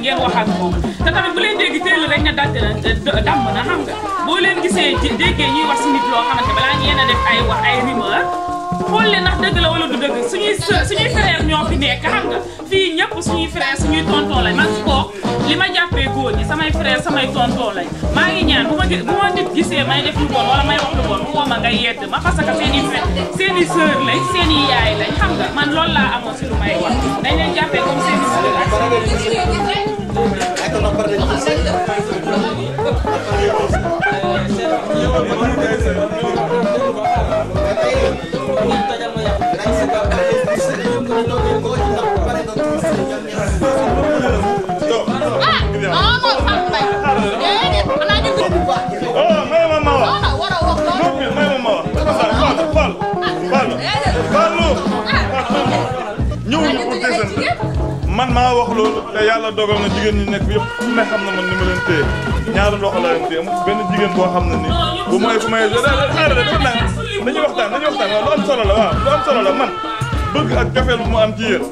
leen ngeen waxaat boobu te tamit bu leen dégg téelu rek ne dat damm na xam nga boo leen gisee déggee ñuy wax si nit loo xamante balaa ngeen a def ay wax fi nekk xam nga fii tonton lañ man kooku li ma Sama góor sama tonton lañ maa ngi ñaan bu ma bu ma nit gisee may def nga yedd ma parce que seen i seen i sœur lañ seen i yaay lañ xam nga man loolu laa amoon si lu may wax dañ leen jàppee comme seen i sœur ak seen i man maa wax loolu te yàlla dogal na jigéen ñi nekk bi yëpp ku ne xam na man ni ma leen téye ñaari loxo laa leen téye amul benn jigéen boo xam ne ni bu may bu may xaaral dafa naan dañuy waxtaan dañuy waxtaan solo la solo la man bëgg ak cofeel bu mu am ci yéen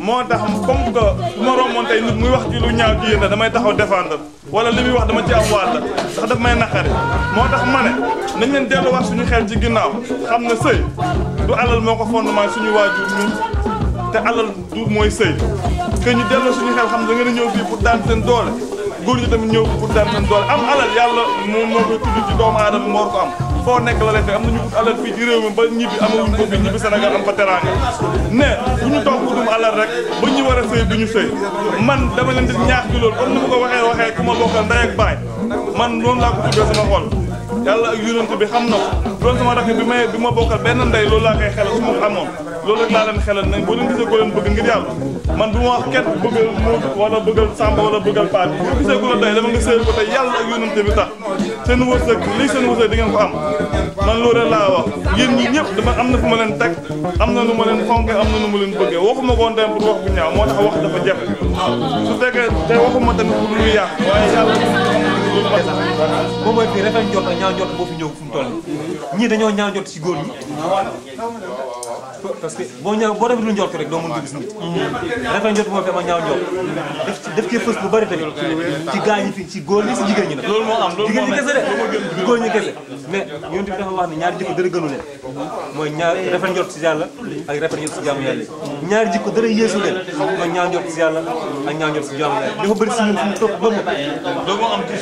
moo tax comme que bu ma romboon tey nit muy wax ci lu ñaaw ci yéen damay taxaw défendre wala li muy wax dama ci am waata ndax daf may naqari moo tax ma ne nañ leen delluwaat suñu xel ci ginnaaw xam ne sëy du alal moo ko fondement suñu waajur ñun te alal mooy sëy que ñu delloo xam da ngeen a ñëw fii pour daan seen doole góor ñi tamit ñëw pour daan seen doole am alal yàlla moom moo koy tudd ci doomu aadama moo am foo nekk la lay fekk am alal fii ci ba ñibbi amawuñ ko fii ñibbi Sénégal am fa teraanga ne bu ñu toog dum alal rek ba ñu war du ñu sëy man dama leen di ñaax ci loolu comme ni ma ko waxee waxee ku ma bokkal ndey ak baay man noonu laa ko tuddee sama xol yàlla ak bi xam na ko doon sama rakk bi may bi ma bokkal benn ndey loolu laa koy xelal su ma xamoon loolu rek laa leen xelal nañ boo leen gisee ko leen bëgg ngir yàlla man du ma wax kenn bëggal Modou wala bëggal Samba wala bëggal Paat boo gisee ko la doy dama nga sëy ko te yàlla ak yonent bi tax seen wërsëg lii seen wërsëg di ngeen ko am man loolu rek laa wax yéen ñi ñëpp dama am na fu ma leen teg am na nu ma leen fonke am na nu ma leen bëggee waxuma ko woon tamit pour wax bu ñaaw moo tax wax dafa jafe su lu yàq moom mooy fii rafet njot ak ñaaw njot boo fi ñëw fu mu toll ñii dañoo ñaaw njot si góor ñi parce que boo ñaaw boo rafetul njort rek doo mën ko gis nit moo fi ama ñaaw njot def ci def cee fës bu bëri tamit ci gaa ñi fi ci góor ñi si jigéen ñi nag jigéen ñi kese de góor ñi kese mais yonent bi dafa wax ne ñaari jikko dara gënu mooy ñaar rafet njort si yàlla ak rafet njort si jaamu yàlla ñaari jikko dara yéesu ñaaw njort si yàlla ak ñaaw njort si jaamu yàlla dafa si ñun fu topp ba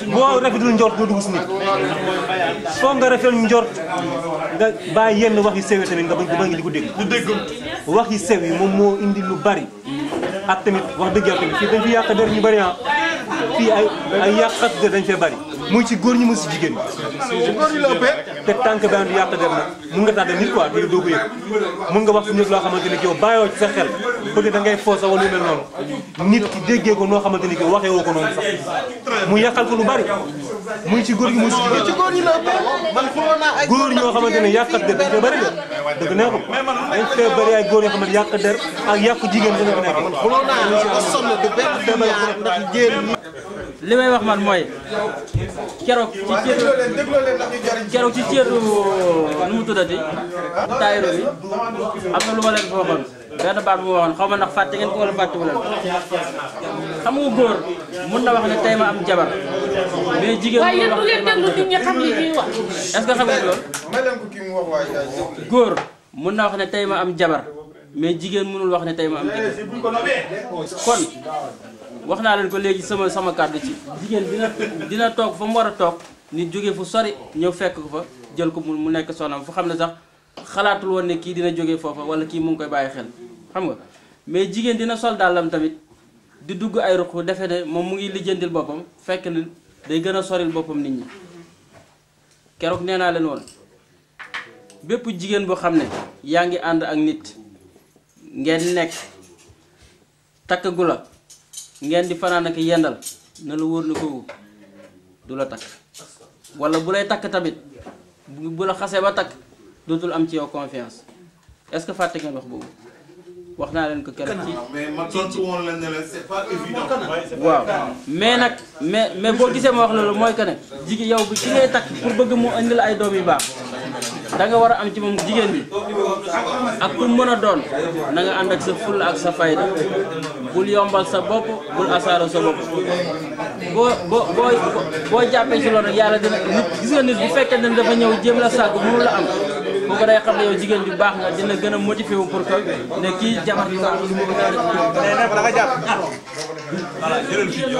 mu boo rafetul njort doo dugg si nit foog nga rafetul njort nga bàyyi yenn wax yu sew yi nga bañ nga di ko dégg. di dégg wax yu sew yi moom moo indi lu bari. ak tamit wax dëgg yàlla tamit fii dañ fi yàq der ñu bari ah fii ay ay yàqat der dañ fee bari. muy ci góor ñi mu si jigéen ñi. góor ñi la ëppee. te tànk benn du yàq der nag mun nga tànn nit quoi doo ko yëg mun nga wax fi nit loo xamante ni yow bàyyoo ci sa xel peut être da ngay foo sa wala lu mel ko noo xamante ni yow waxee woo ko noonu sax mu yàqal ko lu bari muy ci góor ñi mu si jigéen ñi. góor ñi la ëppee góor ñoo xamante ne yàqat der dañ fee bari de dëgg neexul dañ fee bari ay góor yoo xamante yàq der ak yàq jigéen dina fi nekk. man xooloo naa li may wax man mooy keroog ci ceetu keroog ci ceetu nu mu tuddati taayro bi am na lu ma leen fooxoon benn baat bu waxoon xaw ndax fàtte ngeen ko wala leen xam nga góor mun na wax ne tey ma am jabar mais jigéen waaye wax est-ce que xam nga loolu góor na wax ne tey ma am jabar mais jigéen mënul wax ne tey am jabar eh, kon wax naa leen ko léegi sama sama kàddu ci jigéen dina dina toog fa mu war a toog nit jóge fu sori ñëw fekk ko fa jël ko mu nekk soxnaam fu xam ne sax xalaatul woon ne kii dina jóge foofa wala kii mu ngi koy bàyyi xel xam nga mais jigéen dina sol dàllam tamit di dugg ay ruq defe ne moom mu ngi lijjantil boppam fekk ne day gën a soril boppam nit ñi keroog nee naa leen woon bépp jigéen boo xam ne yaa ngi ànd ak nit ngeen nekk takkagu la ngeen di fanaan ak yendal na la wóor ni kooku du la takk wala bu lay takk tamit bu la xasee ba takk dootul am ci yow confiance est-ce que fàtte ngeen wax boobu wax naa leen ko keroog ci ci waaw mais nag mais mais boo gisee ma wax loolu mooy que ne jigéen yow bi ci ngay takk pour bëgg mu indi la ay doom yu baax danga war a am ci moom jigéen bi ak ku mën a doon nanga nga ànd ak sa fulla ak sa fayda bul yombal sa bopp bul asaaro sa bopp boo boo boo boo jàppee ci loolu rek yàlla dina nit gis nga nit bu fekkee ne dafa ñëw jéem la sàkk mënu la am boo ko day xam ne jigéen ju baax nga dina gën a motivé wu pour que ne kii jabar bi nga xam ne moom la voilà jërëjëf fii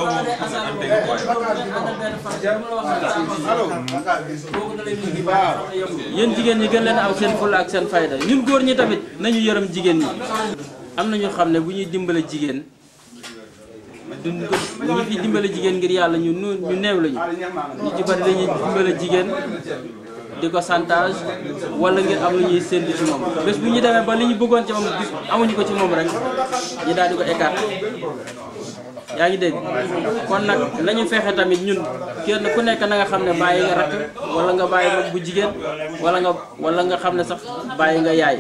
yow jigéen ñi gën leen am seen fulla ak seen fayda ñun góor ñi tamit nañu yërëm jigéen ñi. am na ñoo xam ne bu ñuy dimbale jigéen duñ jigéen ngir yàlla ñu ñu néew lañu ñu ci bari dimbale jigéen. di ko chantage wala ngeen am lu ñuy séntu ci moom bés bu ñu demee ba li ñu bëggoon ci moom amuñu ko ci moom rek ñu daal di ko écarté yaa ngi dégg kon nag nañu fexe tamit ñun kenn ku nekk na nga xam ne bàyyi nga rakk wala nga bàyyi mag bu jigéen wala nga wala nga xam ne sax bàyyi nga yaay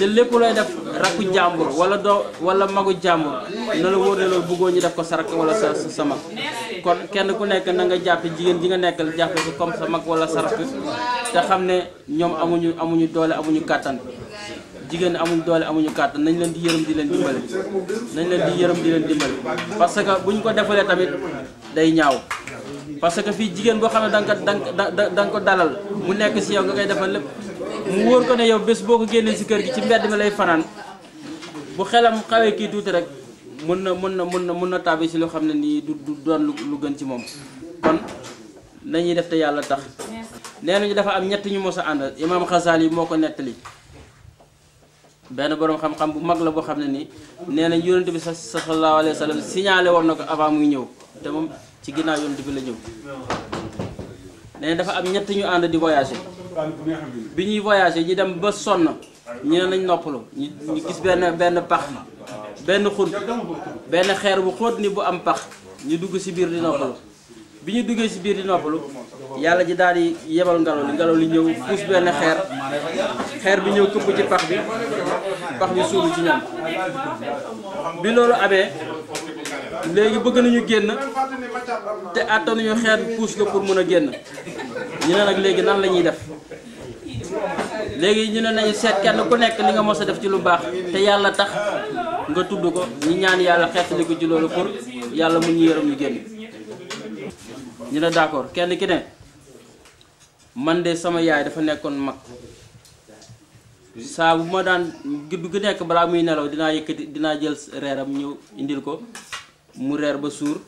te lépp lay def rakku jambour wala do wala magu jambour na la wóor lo loolu ñu def ko sarak wala sa sama kon kenn ku nekk na nga japp Jigen ji nga nekkal japp ko comme sa mag wala sarak rakk te xam ne amuñu amuñu doole amuñu katan jigen amuñu doole amuñu katan nañ leen di yërëm di leen dimbale nañ leen di yërëm di leen dimbale parce que buñ ko defalee tamit day ñaaw parce que fi jigen bo xam dang ko ko dalal mu nekk ci yow nga kay defal lepp mu wóor ko ne yow bés boo ko génnee si kër gi ci mbedd mi lay fanaan bu xelam xawee kii tuuti rek mën na mën na mën na mën na tàbbi ci loo xam ne nii du du doon lu gën ci moom kon nañuy def te yàlla tax nee nañu dafa am ñett ñu mos a ànd imaam Xasaali moo ko nettali benn boroom xam bu mag la boo xam ne nii nee nañ yonent bi sallallahu alayhi wa sallam woon na ko avant muy ñëw te moom ci ginnaaw yonent bi la ñëw nee dafa am ñett ñu ànd di voyager bi ñuy voyagé ñu dem ba sonn ñu ne nañ noppalu ñu gis benn benn pax benn xunt benn xeer bu xóot ni bu am pax ñu dugg ci biir di noppalu bi ñu duggee ci biir di noppalu yàlla ji daal di yebal ngelaw li ngelaw li ñëw puus benn xeer xeer bi ñëw këpp ci pax bi pax bi suulu ci ñoom bi loolu amee léegi bëgg nañu génn te àttanuñu xeer bi puus ko pour mun a génn ñu ne nag léegi nan la ñuy def léegi ñu ne nañu seet kenn ku nekk li nga mos a def ci lu baax te yàlla tax nga tudd ko ñi ñaan yàlla xeetali ko ci loolu pour yàlla mu ñu yërëm ñu génn ñu ne d'accord kenn ki ne man de sama yaay dafa nekkoon mag saa bu ma daan guddi gu nekk balaa muy nelaw dinaa yëkkati dinaa jël reeram ñëw indil ko mu reer ba suur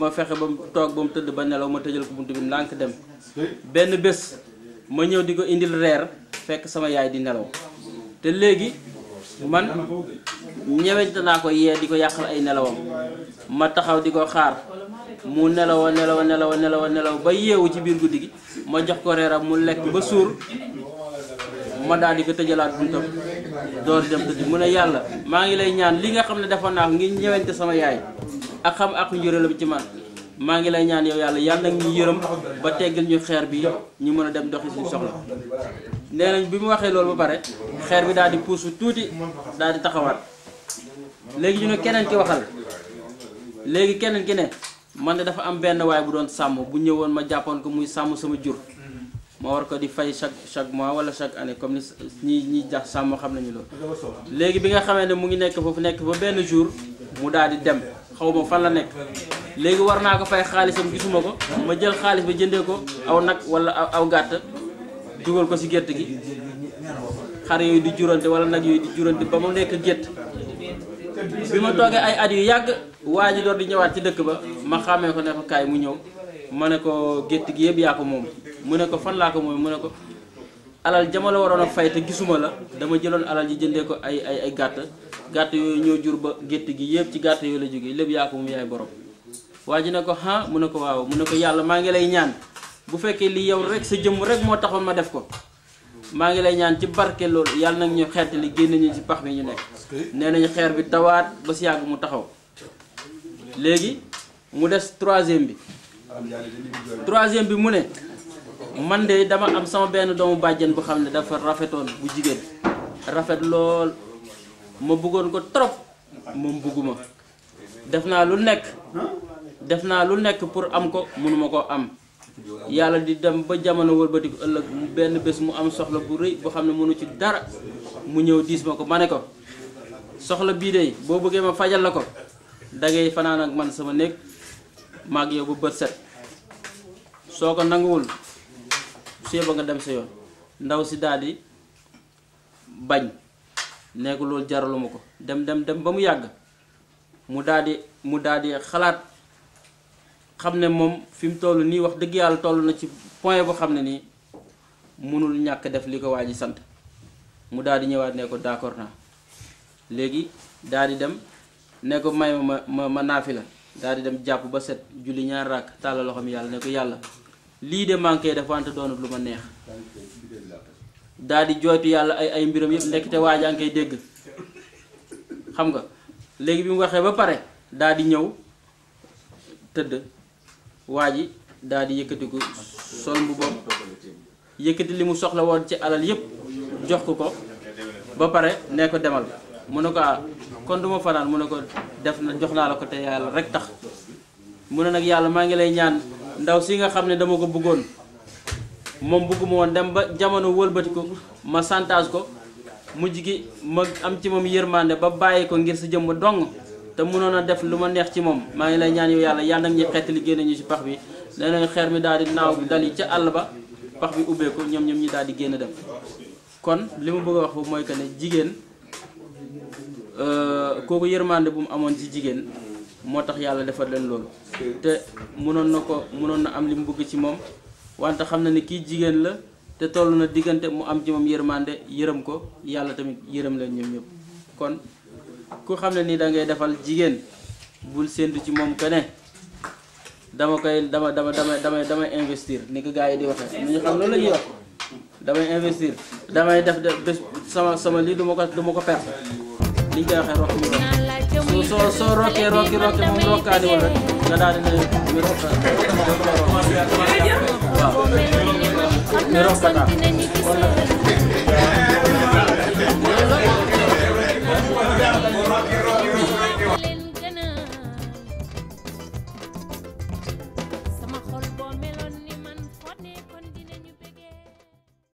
ma fexé bam tok bam teud ba nelaw ma tëjal ko buntu bi lank dem benn bes ma ñew diko indil rer fekk sama yaay di nelaw te legi man ñewente na ko yee di yakal ay nelawam ma taxaw di xaar mu nelaw nelaw nelaw nelaw nelaw ba yewu ci bir guddigi ma jox ko reeram mu lek ba sur ma dal di ko buntu buntam door dem tëdd mu ne yalla ma ngi lay ñaan li nga xamne defal na ngi ko sama yaay ak xam ak njureel bi ci man ma ngi lay ñaan yow yalla yalla ngi ñu ba teggal ñu xeer bi ñu mëna dem doxi suñu soxla nenañ nañ bi mu waxee loolu ba pare xeer bi daal di samu tuuti daal di taxawaat léegi ñu ne keneen ki waxal léegi kenen ki ne man de dafa am benn way bu doon sam bu ñëwoon ma jàppoon ko muy sam sama jur ma war ko di fay chaque chaque mois wala chaque année comme ni ni jax sam xam nañu lool bi nga xamé ne mu ngi nekk fofu nekk ba benn jour mu daal di dem xaw ma fan la nekk léegi war naa ko fay xaalisam gisuma ko ma jël xaalis ba jëndee ko aw nag wala aw gàtt dugal ko si gétt gi xar yooyu di jurante wala nag yooyu di jurante ba mu nekk gétt bi ma toogee ay at yu yàgg waa ji door di ñëwaat ci dëkk ba ma xàmmee ko ne ko kaay mu ñëw ma ne ko gert gi yëpp yaa ko moom mu ne ko fan laa ko moom mu ne ko alal jama la waroon a fay te gisuma la dama jëloon alal ji jëndee ko ay ay ay gàtt gàtt yooyu ñoo jur ba gétt gi yëpp ci gàtt yooyu la jógee lépp yaa ko mu yaay borom waa ji ne ko ah mu ne ko waaw mu ne ko yàlla maa ngi lay ñaan bu fekkee lii yow rek sa jëmm rek moo taxoon ma def ko maa ngi lay ñaan ci barke loolu yàlla nag ñu xeet li génn ñu ci pax mi ñu nekk nee nañu xeer bi tawaat ba si yàgg mu taxaw léegi mu des troisième bi troisième bi mu ne man de dama am sama benn doomu bajjan bu xamne dafa rafetone bu jigen rafet lol ma bëggon ko trop mom bëgguma defna lu nekk defna lu nekk pour am ko mënuma am yalla di dem ba jamono wëlbatiku ëlëk benn bes mu am soxla bu reuy boo xamne ne mënu ci dara mu ñëw dis mako mané ko soxla bi de bo bëgge ma fajal lako dagay fanan ak man sama néeg mag yow bu bët soko nangul su yeboo nga dem sa yoon ndaw si daal di bañ ne ko loolu jaraluma ko dem dem dem ba mu yàgg mu daal mu daldi xalaat xam ne moom fi mu toll nii wax dëgg yàlla toll na ci point boo xam ne nii mënul ñàkk def li ko waa ji sant mu daal ñëwaat ne ko d'accord naa léegi daal dem ne ko may ma ma ma naafi la daal di dem jàpp ba set julli ñaar raak tàllal loxoom yàlla ne ko yàlla li de manke da wante doonut lu ma neex daal di yalla ay ay mbirum yëpp ndekete waajaa ngi koy dégg xam nga léegi bimu waxe ba pare daal ñew teud waji waa ji ko sol mbubbam yëkkati li soxla won ci alal yëpp jox ko ko ba pare ne ko demal mu ah, kon duma fanaan mu def na jox la ko te yalla rek tax munen ak yalla ma ngi lay ñaan ndaw si nga xam ne dama ko bëggoon moom bëgguma woon dem ba jamono wëlbati ko ma santage ko mu gi mag am ci moom yërmande ba bàyyi ko ngir sa jëmm dong te mënoon a def lu ma neex ci moom maa ngi lay ñaan yow yàlla yàlla nag ñuy xeet li génne ñu si pax bi nee nañ xeer mi daal di naaw dal yi ca àll ba pax bi ubbeeku ñoom ñoom ñi daal di génn dem kon li ma bëgg a wax foofu mooy que ne jigéen euh, kooku yërmande bu mu amoon ci jigéen moo tax yàlla defal leen loolu te mënoon na ko mënoon na am li mu bëgg ci moom wante xam na ni kii jigéen la te toll na diggante mu am ci moom yërmande yërëm ko yàlla tamit yërëm leen ñoom ñëpp kon ku xam ne nii da ngay defal jigéen bul séentu ci moom que ne dama koy dama dama damay damay damay investir ni ko gaa yi di waxee am ñu xam loolu la wax damay investir damay def def bés sama sama lii du ko du ko perte liñ koy waxee wax ñu soo soo rokkee rokki rokki moom rokkaale wala